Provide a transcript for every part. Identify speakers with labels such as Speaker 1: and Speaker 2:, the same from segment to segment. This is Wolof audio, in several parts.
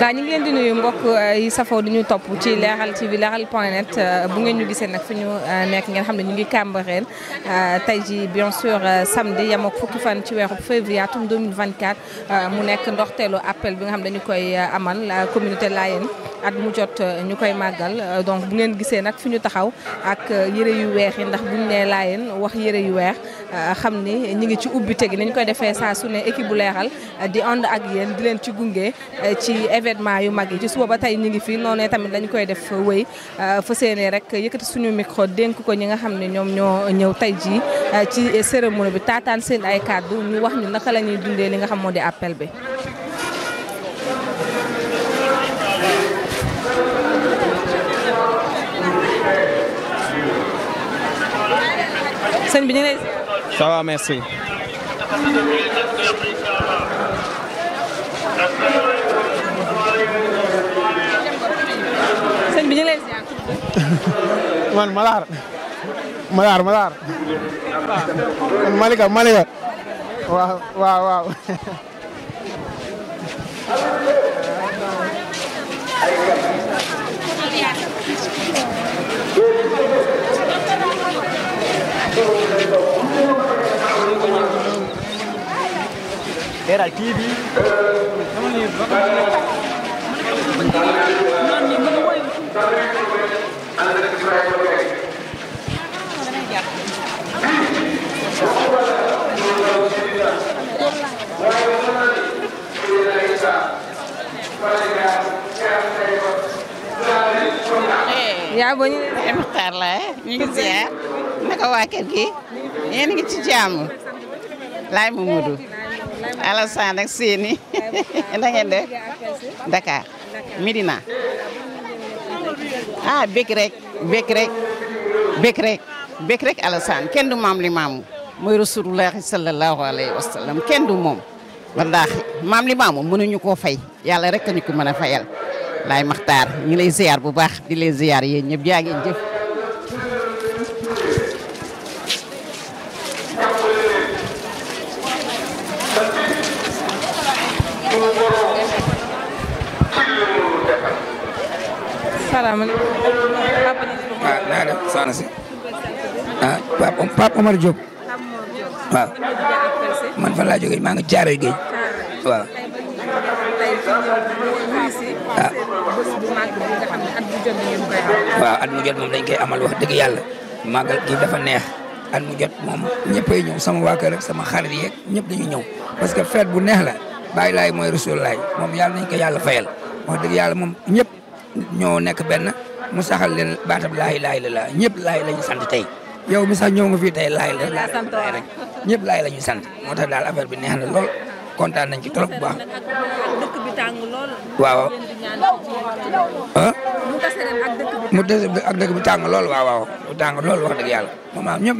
Speaker 1: daa ñu ngi leen di nuyu mbokk eh, yi safoo di ñu topp ci leeral bi leeral point net eh, bu ngeen ñu gisee nag fi ñu eh, nekk ngeen xam ne ñu ngi Cambérène tey jii bien sûr samedi yem ak fukki fan ci weeru février atum 2024 mu nekk ndoxteelu appel bi nga xam dañu koy amal la communauté Layène at mu jot euh, ñu koy màggal euh, donc bu ngeen gisee nag fi ñu taxaw ak euh, yëre yu weex yi ndax buñ nee laayeen wax yëre yu weex xam ni ñi ngi ci ubbi ubbite gi nañ koy defee saa su ne équipe bu leeral di ànd ak yéen di leen ci gunge ci événement yu mag yi ci suba ba tey ñi ngi fi noonee tamit lañ koy def wéy fa seenee rek yëkkati suñu micro dénk ko ñi nga xam ne ñoom ñoo ñëw tey jii ci cérémonie bi taataan seen ay kàddu ñu wax ñu naka la ñuy dundee li nga xam moo di appel bi sëñ bi ñu ngi lay.
Speaker 2: ça va man Malaar. Malaar Malaar. man Malika Malika.
Speaker 3: waaw waaw waaw. Leral TV
Speaker 1: yaa bo ñu Muxtaar la ñu ngi ziar naka waa kër gi yéen a ngi ci jàmm laay Mamadou Alassane ak Séni da ngeen def Dakar Médina ah, rek bëgg rek bëgg rek bëgg rek Alassane kenn maam li maamu mooy rasulullahi sallallahu alayhi wa sallam kenn du moom wallaahi maam li maamu mënuñu koo fay yàlla rek kañu ko mën a fayal laay maxtaar ñu lay ziar bu baax di lay ziar yéen ñëpp jaa ngeen jëf salaamaaleykum. waaw ah, naa def si. ah Pape Omar Diop. waaw. man fan laa jógee maa ngi jaaree géej. waaw. ah. waaw at mu jot moom dañ koy amal wax dëgg yàlla. màggal gi dafa neex. at mu jot moom ñëppay ñëw sama waa kër sama xarit yeeg ñëpp dañuy ñëw. parce que fête bu neex la. bàyyi laay mooy rasul laay moom yàlla nañ ko yàlla fayal. wax dëgg yàlla moom ñëpp. ñoo nekk benn mu saxal leen baatab laay laay la laa ñëpp laay la ñu sant tey yow mi sax ñëw nga fii tey laay la laay rek ñëpp laay la ñu sant moo tax daal affaire bi neex na lool kontaan nañ ci trop bu baax. waaw. ah. mu des ak dëkk bi tàng lool waaw waaw mu tàng lool wax dëgg yàlla moom am ñëpp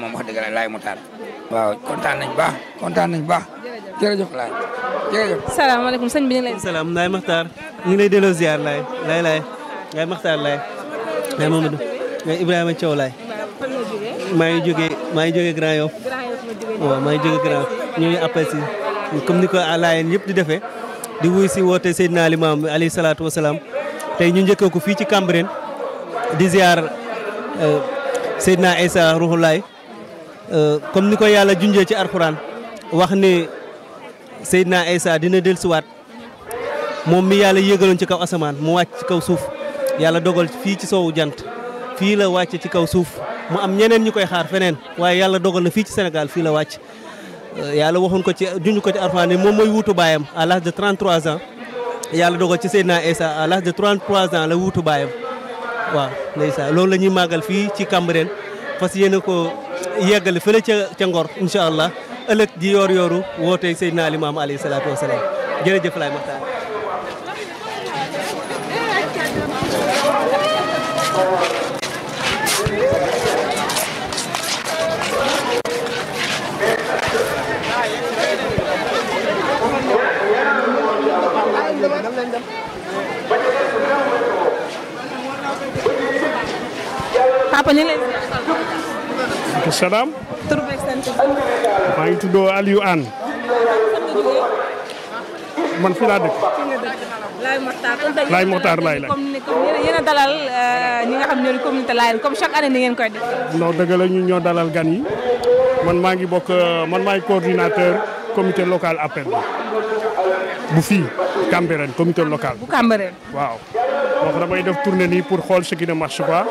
Speaker 1: moom wax dëgg la laay mu taal.
Speaker 3: waaw kontaan nañ baax
Speaker 1: kontaan nañ baax jërëjëf laay.
Speaker 3: jërëjëf salaamaaleykum sëñ bi ñu ngi lay. salaam Ndeye Makhtar ñu ngi lay delloo ziar laay laay laay Ndeye Makhtar laay maa ngi jógee maa ngi jógee Grand Yoff. waaw maa ngi Grand Yoff ñooñu appel comme ni ko laayeen yépp di defee di wuy si woote Seydina Limaam alayhi salaatu wa salaam tey ñu njëkkee ko fii ci Cambérène di ziar euh, Seydina Issa Ruhulaay euh, comme ni ko yàlla junjee ci Alxuraan wax ni. Seydina Isa dina siwaat moom mi yàlla yëgaloon ci kaw asamaan mu wàcc ci kaw suuf yàlla dogal fii ci soowu jant fii la wàcc ci kaw suuf mu am ñeneen ñu koy xaar feneen waaye yàlla dogal na fii ci Sénégal fii la wàcc euh, yàlla waxoon ko ci junj ko ci Alxuraan moom mooy wuutu baayam à l'âge de 33 ans yàlla dogal ci Seydina Isa à l'âge de 33 ans la wuutu baayam waaw saa loolu la ñuy màggal fii ci Cambérène fas yéene ko yeggale fële ca ca Ngor incha allah ëllëg ji yoor yooru wootee Seydina Limaamu alayhi salaatu wa salaam jërëjëf laay Maxtaar
Speaker 1: papa ñu ngi lay salaam maa
Speaker 2: ngi tuddoo Aliou Anne man fii laa dëkk.
Speaker 1: Laye Mokhtar kon tey comme yéen a dalal euh, ñi nga xam ne ñoo communauté Laye comme chaque année ni ngeen koy def.
Speaker 2: non dëgg la ñoo dalal gan yi man maa ngi bokk euh, man maay coordinateur comité local appel bu fii Cambérène comité local. bu Cambérène waaw. donc damay def tournée nii pour xool ce qui ne marche pas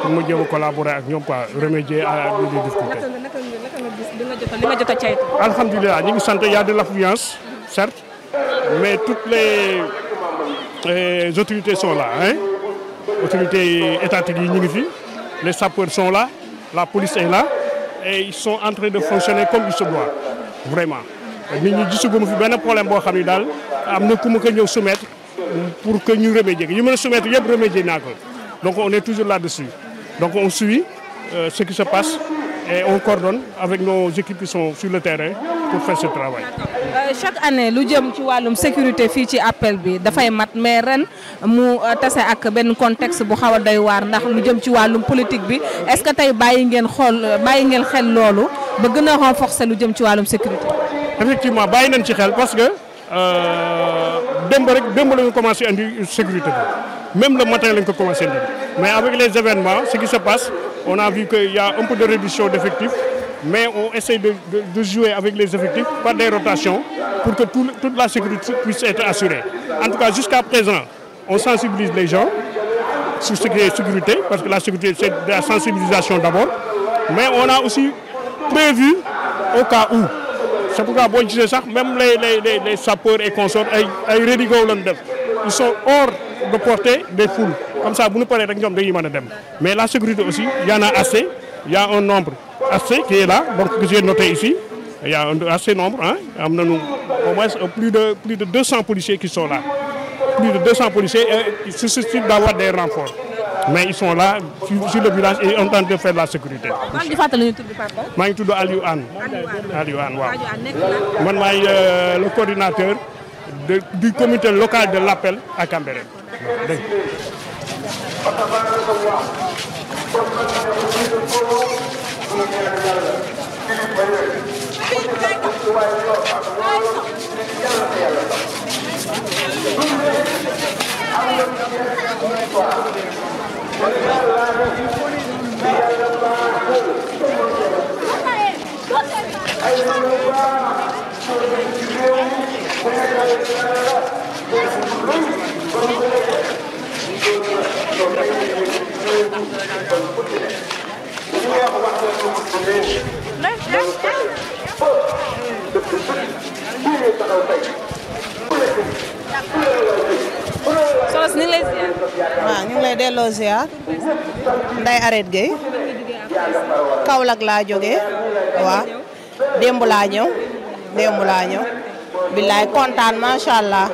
Speaker 2: pour ma jéem a collaborer ak ñoom quoi remédier à à des difficultés. jot ñu ngi sant y a de l'affluence certes mais toutes les les autorités sont là hein autorités étatiques yi ñu ngi fi les sapeurs sont la la police est là et ils sont en de fonctionner comme il se doit vraiment. nit ñi gisuguma fi benn problème boo xam ni daal am na ku ma ko ñëw pour que ñu remédier yu mën a soumettre yëpp remédier naa ko donc on est toujours là-dessus donc on suit euh, ce qui se passe. et on avec nos équipes qui le terrain pour faire ce travail.
Speaker 1: Euh, chaque année lu jëm ci wàllum sécurité fii ci appel bi dafay mat mais ren mu euh, tase ak benn contexte bu xaw a doy waar ndax lu jëm ci wàllum politique bi est-ce que tey bàyyi ngeen xool euh, bàyyi ngeen xel loolu ba gën a renforcer lu jëm ci wàllum sécurité.
Speaker 2: effectivement bàyyi nañ ci xel parce que démb rek démb la ñu commencé indi sécurité bi même le matin la ko commencé indi mais avec On a vu qu'il y a un peu de réduction d'effectifs, mais on essaie de, jouer avec les effectifs par des rotations pour que tout, toute la sécurité puisse être assurée. En tout cas, jusqu'à présent, on sensibilise les gens sur ce qui est sécurité, parce que la sécurité, c'est de la sensibilisation d'abord. Mais on a aussi prévu au cas où. C'est pourquoi, bon, je ça, même les, les, les, les sapeurs et consorts, ils, ils sont hors de portée des foules. comme ça bu ñu paree rek ñoom dañuy mën a dem mais la sécurité aussi y en a assez y a un nombre assez qui est là donc que j'ai noté ici y assez nombre ah am na au moins plus de plus de 200 policiers qui sont là plus de 200 policiers et euh, se suscitent d'avoir des renforts mais ils sont là sur le village et en train de faire la sécurité. maa ngi tudd Aliou Anne. Aliou Anne waaw. man maay euh, le coordinateur de du comité local de l'appel à Cambérène dégg فتبارك الله كل من يريد القوة من غير يلا كيف بيعمل كل ما كنت وايد أقوال من يلا يلا Thank you.
Speaker 1: delloo ziar Nday Aret Gueye Kaolack laa jógee waaw démb laa ñëw démb laa ñëw billaay kontaan macha allah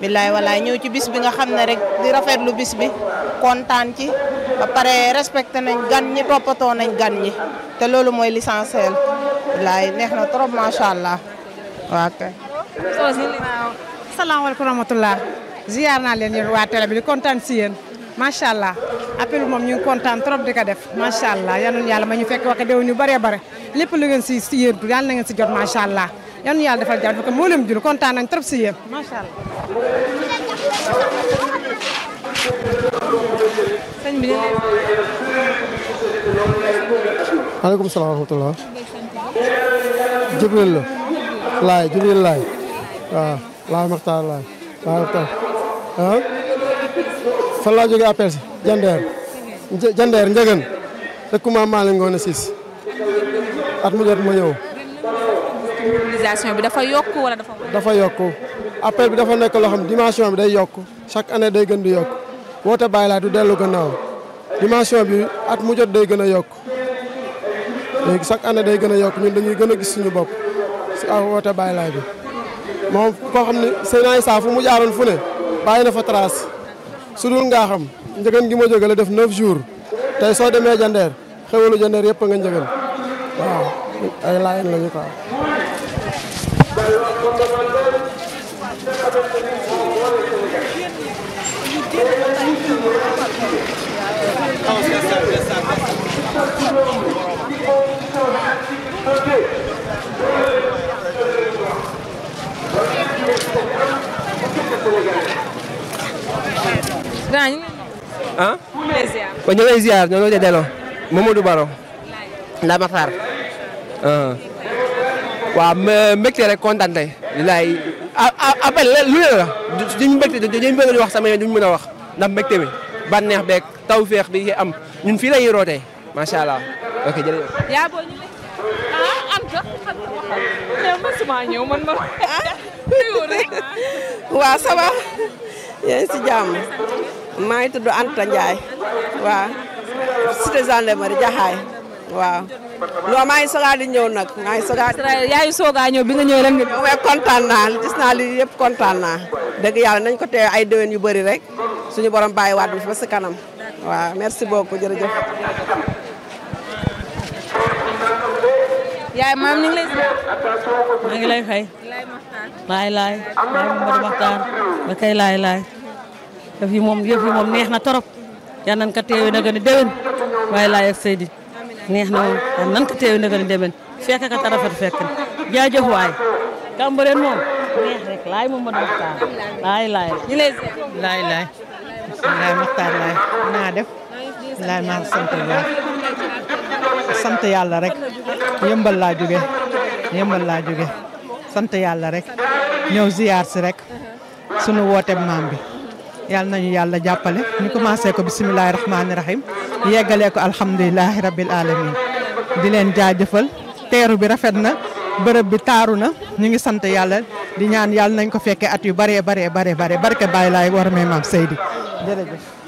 Speaker 1: billaay walaay ñëw ci bis bi nga xam ne rek di rafetlu bis bi kontaan ci ba pare respecté nañ gan ñi toppatoo nañ gan ñi te loolu mooy l'essentiel billaay neex na trop macha allah waaw kay. salaamaaleykum rahmatulah ziar naa leen yéen waa télé bi di kontaan si macha allah appel moom ñu kontaan trop di ko def macha allah yal na yàlla ma ñu fekk waxe dew ñu bëree bare lépp lu ngeen si si yéentu yàlla na ngeen si jot macha allah yal yàlla defal jàmm dafa ko moo leen jul kontaan trop si yéen macha allah. sëñ bi.
Speaker 2: maaleykum salaam wa rahmatulah.
Speaker 3: Jibril la. laay Jibril laay.
Speaker 2: waaw fan laa jógee appel si jandeer
Speaker 3: jandeer njëgën
Speaker 2: dëkkuma Malick Ngoone Ciss at mu jot ma ñëw.
Speaker 1: bi dafa yokk wala
Speaker 2: dafa. yokk appel bi dafa nekk loo xam dimension bi day yokk chaque année day gën di yokk woote bàyyi du dellu gannaaw dimension bi at mu jot day gën a yokk léegi chaque année day gën a yokk ñun dañuy gën a gis suñu bopp si aw woote bàyyi bi moom koo xam ne Seydina fu mu jaaroon fu ne bàyyi na fa trace. su dul ngaa xam njëgën gi moo jóge la def 9 jours tey soo demee jandeer xewalu jandeer yëpp a nga njëgën
Speaker 1: grand
Speaker 3: ah. ñu ngi lay ziar ñu ngi delloo Mamadou Baro. la Matar. Uh-huh. waaw mbégte rek kontaan tey. laay appel lu ne la duñ mbégte dañu bëgg di wax sama yoon duñ mën a wax ndax mbégte bi bànneex beeg taw féex bi ci am ñun fii la ñuy rootee macha allah ok jërëjëf.
Speaker 1: yaa boo ñu ah Anta xam nga mosuma maa ngi tudd Anta Ndiaye waa cité gendarmerie Jaxaay waaw. non maa ngi soog a di ñëw nag maa ngi soog bi nga ñëw rek. waaw kontaan naa gis naa lii yëpp kontaan naa. dëgg yàlla nañ ko te ay déwén yu bëri rek suñu borom bàyyi waat ba si kanam waa merci beaucoup jërëjëf. yaay maam ñu ngi lay. maa ngi fay. laay laay. yëf yi moom yëf moom neex na torop ja nañ ko teewee na gën a déwén waaye laay Seydi neex na moom yal nañ ko teewee na gën a déwén fekk ka
Speaker 3: tarafet fekk na jaajëf waay Cambérène moom
Speaker 1: neex rek laay moom ma doon waxtaan
Speaker 3: laay laay ñu def laay maa sant sant yàlla rek yëmbal laa jóge yëmbal laa jóge sant yàlla rek ñëw ziyaar si rek sunu woote maam bi yàlla nañu yàlla jàppale ñu commencé ko bisimilahi rahmaani rahim yeggalee ko alhamdulilahi rabil alamin di leen jëfal teeru bi rafet na bërëb bi taaru na ñu ngi sant yàlla di ñaan yàlla nañ ko fekkee at yu bëree baree bare bare barke bàyyi laay war mee maam Seydi jërëjëf